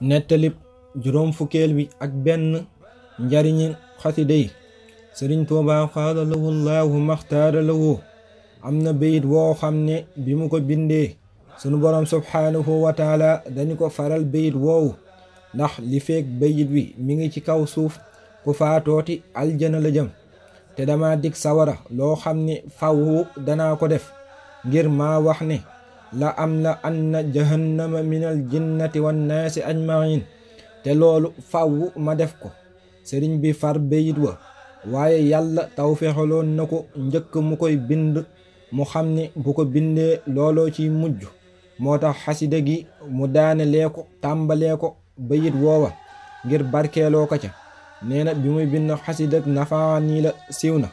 nettalib juróom fukkeel bi ak benn njariñi xasida yi sëriñ tuuba xaala lawu laahu maxtaara lawu am na bayit woo xam ne bi mu ko bindee sunu boroom subhaanahu wa taala dañu ko faral bayit woowu ndax li feek bayit wi mi ngi ci kaw suuf ku faatooti aljana la jëm te dama dig sawara loo xam ne fawu dana ko def ngir maa wax ne la am la anna jahannama minal jinnati wan naasi ajmain te loolu fàww ma def ko sëriñ bi far bayit wa waaye yàlla tawféexaloon na ko njëkk mu koy bind mu xam ni bu ko bindee looloo ciy mujj moo tax xasida gi mu daanelee ko tàmbalee ko bayit woowa ngir barkeeloo ko ca nee na bi muy bind xasida nafaani la siiw na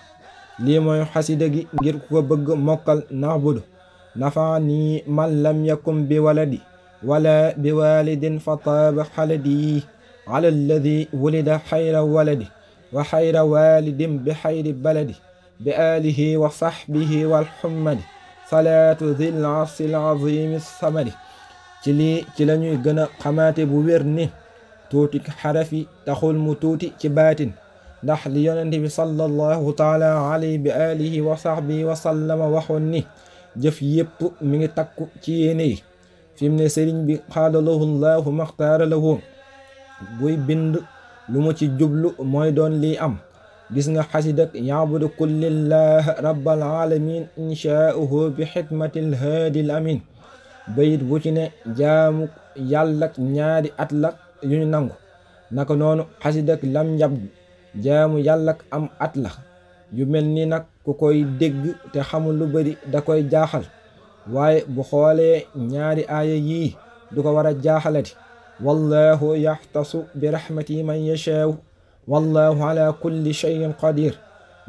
lii mooy xasida gi ngir ku ko bëgg mokkal nax نفعني من لم يكن بولدي ولا بوالد فطاب خلدي على الذي ولد حير ولدي وحير والد بحير بلدي بآله وصحبه والحمد صلاة ذي العرس العظيم الصمد تلي تلني جنا قمات بويرني توتي حرفي تخول متوتي كباتن نحلي النبي صلى الله تعالى عليه بآله وصحبه وسلم وحني جف يب مي تاكو تي ني في من سيرين بي قال له الله مختار له بوي بند لومو تي جوبلو لي ام بسنا نغا حسيدك يعبد كل الله رب العالمين ان شاءه بحكمه الهادي الامين بيت بوتي ني جام نادي نياري اتلاك يوني نانغو نكو نونو حسيدك لم جاب جام يالا ام اتلاك yu mel ni nag ku koy dégg te xamul lu bari da koy jaaxal waaye bu xoolee ñaari aaya yii du ko war a jaaxalati wallahu yaxtasu bi raxmati man yashaaw wallahu ala kulli cheyin qadir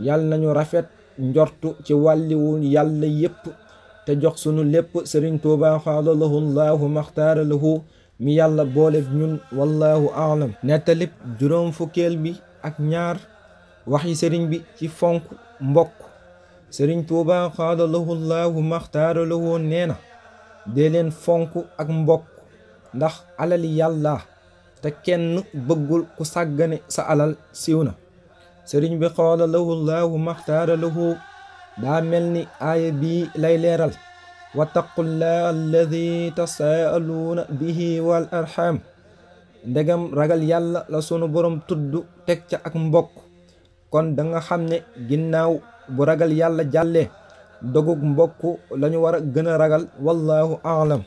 yal nañu rafet njortu ci wàlliwu yàlla yépp te jox sunu lépp sëriñ tuuba xaala lahu llahu lahu mi yàlla boole ñun wallahu aalam nettalib juróom fukkeel bi ak ñaar wax yi sëriñ bi ci fonk mbokk sëriñ tuuba xaada lahu llaahu maxtaara lahu nee na dee fonk ak mbokk ndax alali yàlla te kenn bëggul ku sàggane sa alal siiw na sëriñ bi xaada lahu llaahu maxtaara lahu daa mel ni aaya bi lay leeral wattaqullaaha alladi tasaaluuna bihi wal arxam ndegam ragal yàlla la sunu borom tudd teg ca ak mbokk kon da nga xam ne ginnaaw bu ragal yàlla jàllee dogug mbokk lañu war a gën a ragal wallahu aalam